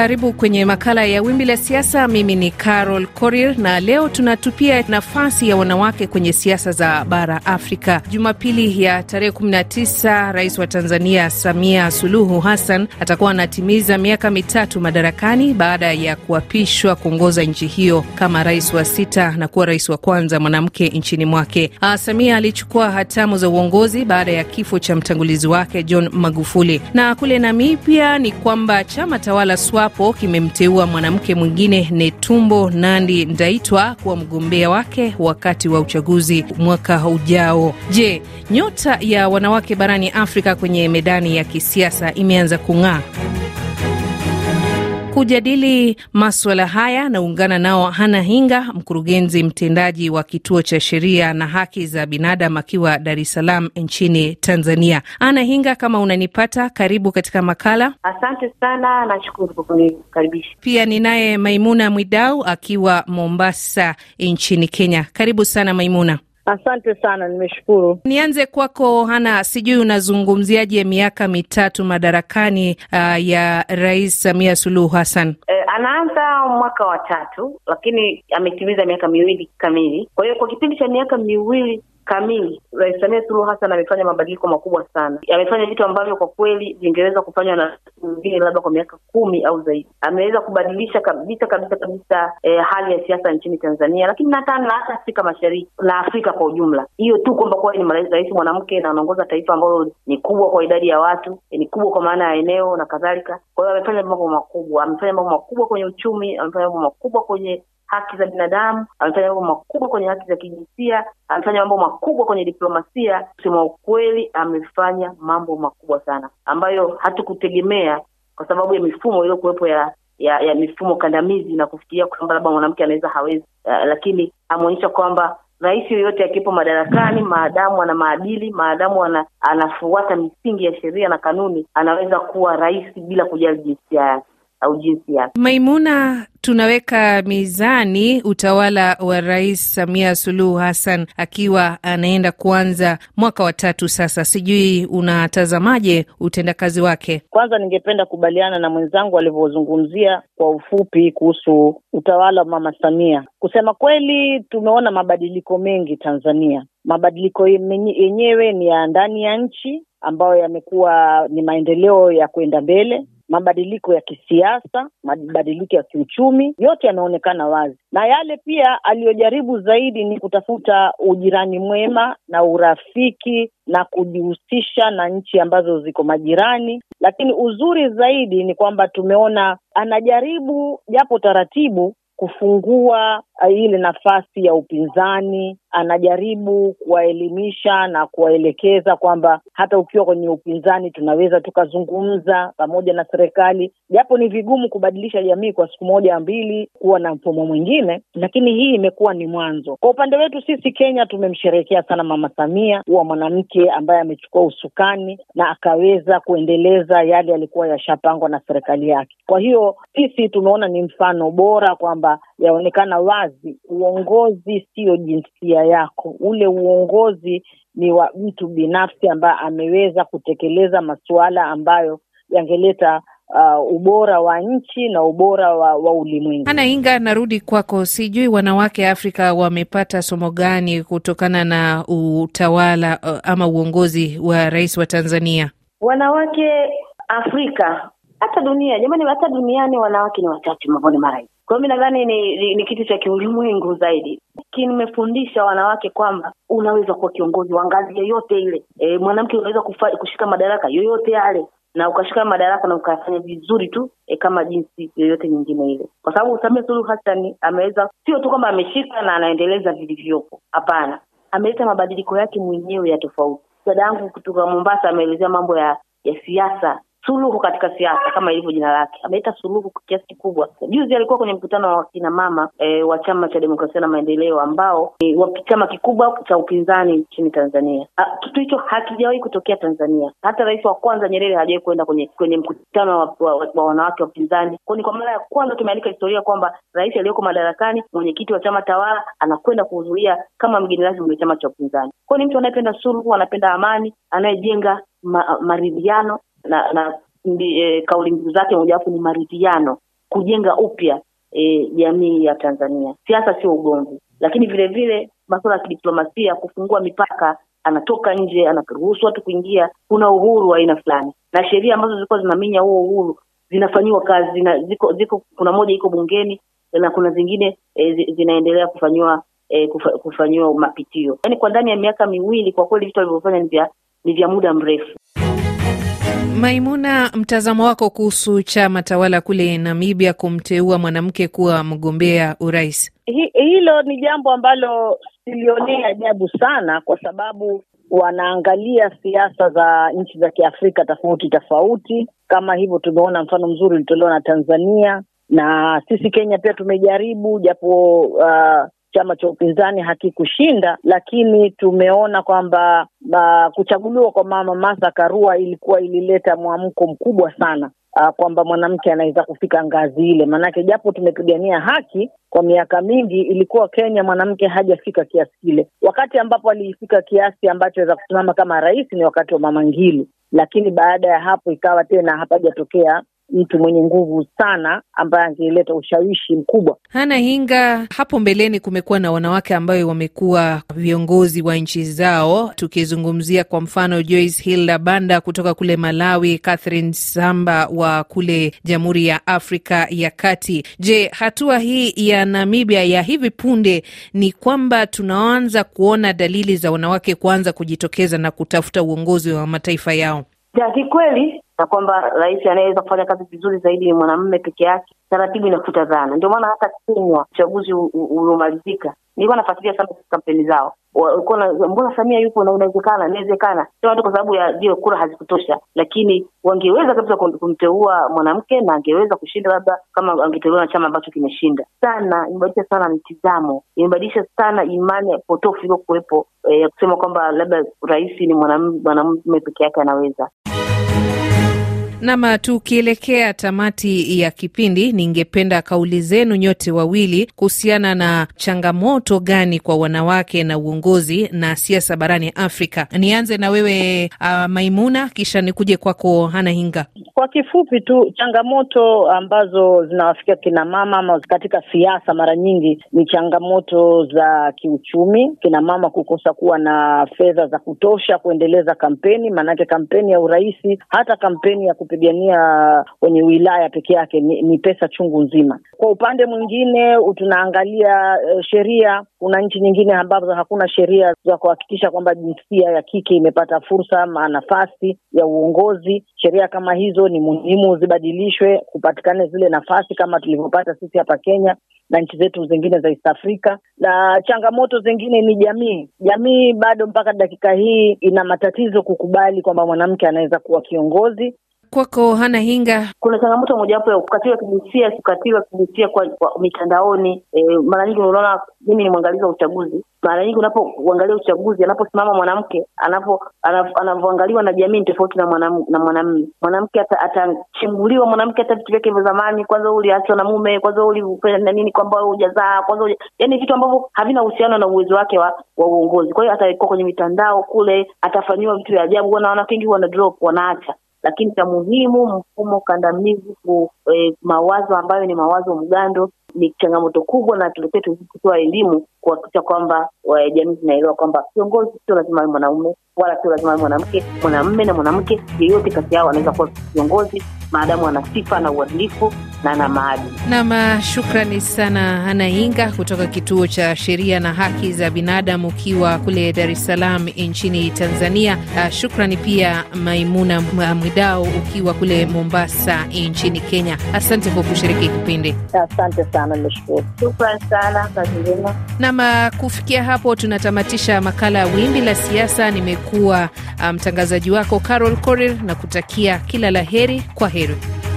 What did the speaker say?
karibu kwenye makala ya Wimbi la Siasa. Mimi ni Carol Korir na leo tunatupia nafasi ya wanawake kwenye siasa za bara Afrika. Jumapili ya tarehe 19, Rais wa Tanzania Samia Suluhu Hassan atakuwa anatimiza miaka mitatu madarakani baada ya kuapishwa kuongoza nchi hiyo kama rais wa sita na kuwa rais wa kwanza mwanamke nchini mwake. Ah, Samia alichukua hatamu za uongozi baada ya kifo cha mtangulizi wake John Magufuli. Na kule Namibia ni kwamba chama tawala SWAP ambapo kimemteua mwanamke mwingine Netumbo Nandi Ndaitwa kuwa mgombea wake wakati wa uchaguzi mwaka ujao. Je, nyota ya wanawake barani Afrika kwenye medani ya kisiasa imeanza kung'aa? Kujadili maswala haya naungana nao Hana Hinga, mkurugenzi mtendaji wa kituo cha sheria na haki za binadamu akiwa Dar es Salaam nchini Tanzania. Hana Hinga, kama unanipata, karibu katika makala. Asante sana, nashukuru kwa kunikaribisha. Pia ninaye Maimuna Mwidau akiwa Mombasa nchini Kenya. Karibu sana Maimuna. Asante sana, nimeshukuru. Nianze kwako Hana, sijui unazungumziaje miaka mitatu madarakani uh, ya Rais Samia Suluhu Hassan? Eh, anaanza mwaka wa tatu, lakini ametimiza miaka miwili kamili. Kwa hiyo kwa kipindi cha miaka miwili kamili, Rais Samia Suluhu Hassan amefanya mabadiliko makubwa sana. Amefanya vitu ambavyo kwa kweli vingeweza kufanywa na mwingine labda kwa miaka kumi au zaidi. Ameweza kubadilisha kabisa kabisa kabisa eh, hali ya siasa nchini Tanzania, lakini hata na hata Afrika Mashariki na Afrika kwa ujumla. Hiyo tu kwamba kuwa ni rais mwanamke na anaongoza taifa ambalo ni kubwa kwa idadi ya watu, eh, ni kubwa kwa maana ya eneo na kadhalika. Kwa hiyo amefanya mambo makubwa, amefanya mambo makubwa kwenye uchumi, amefanya mambo makubwa kwenye haki za binadamu, amefanya mambo makubwa kwenye haki za kijinsia, amefanya mambo makubwa kwenye diplomasia. Kusema ukweli, amefanya mambo makubwa sana ambayo hatukutegemea kwa sababu ya mifumo iliyokuwepo ya ya ya mifumo kandamizi na kufikiria kwamba labda mwanamke anaweza hawezi. Uh, lakini ameonyesha kwamba rais yoyote akiwepo madarakani, maadamu ana maadili, maadamu ana, anafuata misingi ya sheria na kanuni, anaweza kuwa rais bila kujali jinsia yake au jinsi yake. Maimuna, tunaweka mizani utawala wa Rais Samia Suluhu Hassan akiwa anaenda kuanza mwaka wa tatu sasa, sijui unatazamaje utendakazi wake? Kwanza ningependa kubaliana na mwenzangu alivyozungumzia kwa ufupi kuhusu utawala wa Mama Samia. Kusema kweli, tumeona mabadiliko mengi Tanzania. Mabadiliko yenyewe ni ya ndani ya nchi ambayo yamekuwa ni maendeleo ya kwenda mbele mabadiliko ya kisiasa, mabadiliko ya kiuchumi, yote yanaonekana wazi, na yale pia aliyojaribu zaidi ni kutafuta ujirani mwema na urafiki na kujihusisha na nchi ambazo ziko majirani. Lakini uzuri zaidi ni kwamba tumeona anajaribu japo taratibu kufungua Eh, ile nafasi ya upinzani, anajaribu kuwaelimisha na kuwaelekeza kwamba hata ukiwa kwenye upinzani tunaweza tukazungumza pamoja na serikali, japo ni vigumu kubadilisha jamii kwa siku moja mbili, kuwa na mfumo mwingine, lakini hii imekuwa ni mwanzo. Kwa upande wetu sisi Kenya tumemsherehekea sana Mama Samia kuwa mwanamke ambaye amechukua usukani na akaweza kuendeleza yale yalikuwa yashapangwa na serikali yake. Kwa hiyo sisi tumeona ni mfano bora kwamba yaonekana wazi, uongozi siyo jinsia yako. Ule uongozi ni wa mtu binafsi ambaye ameweza kutekeleza masuala ambayo yangeleta Uh, ubora wa nchi na ubora wa, wa ulimwengu. Ana Inga, narudi kwako, sijui wanawake Afrika wamepata somo gani kutokana na utawala uh, ama uongozi wa rais wa Tanzania. Wanawake Afrika hata dunia, jamani, hata duniani wanawake ni wachache ambao ni marais kwa mimi nadhani ni, ni, ni kitu cha kiulimwengu zaidi, lakini nimefundisha wanawake kwamba unaweza kuwa kiongozi wa ngazi yoyote ile. E, mwanamke unaweza kufa, kushika madaraka yoyote yale na ukashika madaraka na ukafanya vizuri tu e, kama jinsi yoyote nyingine ile, kwa sababu Samia Suluhu Hassan ameweza sio tu kwamba ameshika na anaendeleza vilivyopo, hapana, ameleta mabadiliko yake mwenyewe ya tofauti. Dada yangu kutoka Mombasa ameelezea mambo ya ya siasa suluhu katika siasa kama ilivyo jina lake, ameleta suluhu kwa kiasi kikubwa. Juzi alikuwa kwenye mkutano wa kina mama e, wa chama cha demokrasia na maendeleo ambao ni e, chama kikubwa cha upinzani nchini Tanzania. Ah, kitu hicho hakijawahi kutokea Tanzania. Hata rais wa kwanza Nyerere hajawahi kwenda kwenye kwenye mkutano wa, wa, wa, wa wanawake wapinzani. Kwa ni kwa mara ya kwanza tumeandika historia kwamba rais aliyoko madarakani, mwenyekiti wa chama tawala, anakwenda kuhudhuria kama mgeni rasmi kwenye chama cha upinzani. Kwa ni mtu anayependa suluhu, anapenda amani, anayejenga ma, maridhiano na, na e, kauli mbiu zake mojawapo ni maridhiano, kujenga upya e, jamii e, ya Tanzania. Siasa sio ugomvi, lakini vile vile masuala ya kidiplomasia, kufungua mipaka, anatoka nje, anaruhusu watu kuingia, kuna uhuru wa aina fulani, na sheria ambazo zilikuwa zinaminya huo uhuru zinafanyiwa kazi zina, ziko, ziko kuna moja iko bungeni na kuna zingine e, zinaendelea kufanyiwa e, kufanyiwa mapitio. Yaani kwa ndani ya miaka miwili, kwa kweli vitu walivyofanya ni vya ni vya muda mrefu. Mm. Maimuna, mtazamo wako kuhusu chama tawala kule Namibia kumteua mwanamke kuwa mgombea urais? Hi, hilo ni jambo ambalo silionea ajabu sana, kwa sababu wanaangalia siasa za nchi za Kiafrika tofauti tofauti. Kama hivyo, tumeona mfano mzuri ulitolewa na Tanzania na sisi Kenya pia tumejaribu, japo uh, chama cha upinzani hakikushinda, lakini tumeona kwamba kuchaguliwa kwa mama Martha Karua ilikuwa ilileta mwamko mkubwa sana ah, kwamba mwanamke anaweza kufika ngazi ile. Maanake japo tumepigania haki kwa miaka mingi, ilikuwa Kenya mwanamke hajafika kiasi kile. Wakati ambapo aliifika kiasi ambacho aweza kusimama kama rais ni wakati wa Mama Ngilu, lakini baada ya hapo ikawa tena hapajatokea mtu mwenye nguvu sana ambaye angeleta ushawishi mkubwa. Hana Hinga, hapo mbeleni kumekuwa na wanawake ambayo wamekuwa viongozi wa nchi zao, tukizungumzia kwa mfano Joyce Hilda Banda kutoka kule Malawi, Catherine Samba wa kule Jamhuri ya Afrika ya Kati. Je, hatua hii ya Namibia ya hivi punde ni kwamba tunaanza kuona dalili za wanawake kuanza kujitokeza na kutafuta uongozi wa mataifa yao? Ya kikweli na kwamba rais anayeweza kufanya kazi vizuri zaidi ni mwanamume peke yake, taratibu inafuta dhana. Ndio maana hata Kenya uchaguzi uliomalizika, nilikuwa nafuatilia sana kampeni zao, mbona Samia yupo na unawezekana inawezekana, sio watu kwa sababu ya ndio kura hazikutosha, lakini wangeweza kabisa kumteua mwanamke na angeweza kushinda, labda kama angeteuliwa na chama ambacho kimeshinda sana. Imebadilisha sana mtizamo, imebadilisha sana imani potofu iliyokuwepo eh, ya eh, kusema kwamba labda rais ni mwanamume peke yake anaweza Nam, tukielekea tamati ya kipindi, ningependa kauli zenu nyote wawili kuhusiana na changamoto gani kwa wanawake na uongozi na siasa barani Afrika. Nianze na wewe uh, Maimuna, kisha nikuje kwako Hana Hinga. Kwa kifupi tu, changamoto ambazo zinawafikia kinamama ama katika siasa mara nyingi ni changamoto za kiuchumi, kinamama kukosa kuwa na fedha za kutosha kuendeleza kampeni, maanake kampeni ya urais hata kampeni ya kupigania wenye wilaya peke yake ni, ni pesa chungu nzima. Kwa upande mwingine tunaangalia uh, eh, sheria. Kuna nchi nyingine ambazo hakuna sheria za kuhakikisha kwamba jinsia ya kike imepata fursa ma nafasi ya uongozi. Sheria kama hizo ni muhimu zibadilishwe, kupatikane zile nafasi kama tulivyopata sisi hapa Kenya na nchi zetu zingine za East Africa. Na changamoto zingine ni jamii. Jamii bado mpaka dakika hii ina matatizo kukubali kwamba mwanamke anaweza kuwa kiongozi, kwako Hana Hinga, kuna changamoto mojawapo ya ukatili wa kijinsia, ukatili wa kijinsia kwa, kwa mitandaoni. E, mara nyingi unaona, mimi ni mwangalizi wa uchaguzi. Mara nyingi unapoangalia uchaguzi, anaposimama mwanamke, anapo anavyoangaliwa na jamii ni tofauti na mwanamume. Mwanamke atachimbuliwa ata, mwanamke hata vitu vyake vya zamani, kwanza uliachwa na mume, kwanza ulifanya nini, kwamba hujazaa kwanza, yani vitu ambavyo havina uhusiano na uwezo wake wa, wa uongozi. Kwa hiyo atawekwa kwenye mitandao kule, atafanyiwa vitu vya ajabu. wana Wanawake wengi wana drop, wanaacha lakini cha muhimu mfumo kandamizi ku, e, mawazo ambayo ni mawazo mgando ni changamoto kubwa, na tulikuwa tukitoa elimu kuhakikisha kwamba eh, jamii zinaelewa kwamba kiongozi sio lazima awe mwanaume wala sio lazima awe mwanamke. mwanamme na mwanamke yeyote kati yao anaweza kuwa kiongozi maadamu ana sifa na uadilifu na na maadili. Nam, shukrani sana Ana Inga kutoka Kituo cha Sheria na Haki za Binadamu ukiwa kule Dar es Salaam nchini Tanzania. Ah, shukrani pia Maimuna Mwidao ukiwa kule Mombasa nchini Kenya. Asante kwa kushiriki kipindi. Asante sana sana, nashukuru. Shukran sana, kazi njema. Nam, uh, kufikia hapo tunatamatisha makala ya Wimbi la Siasa. Nimekuwa uh, mtangazaji um, wako Carol Korir na kutakia kila la heri. Kwa heri.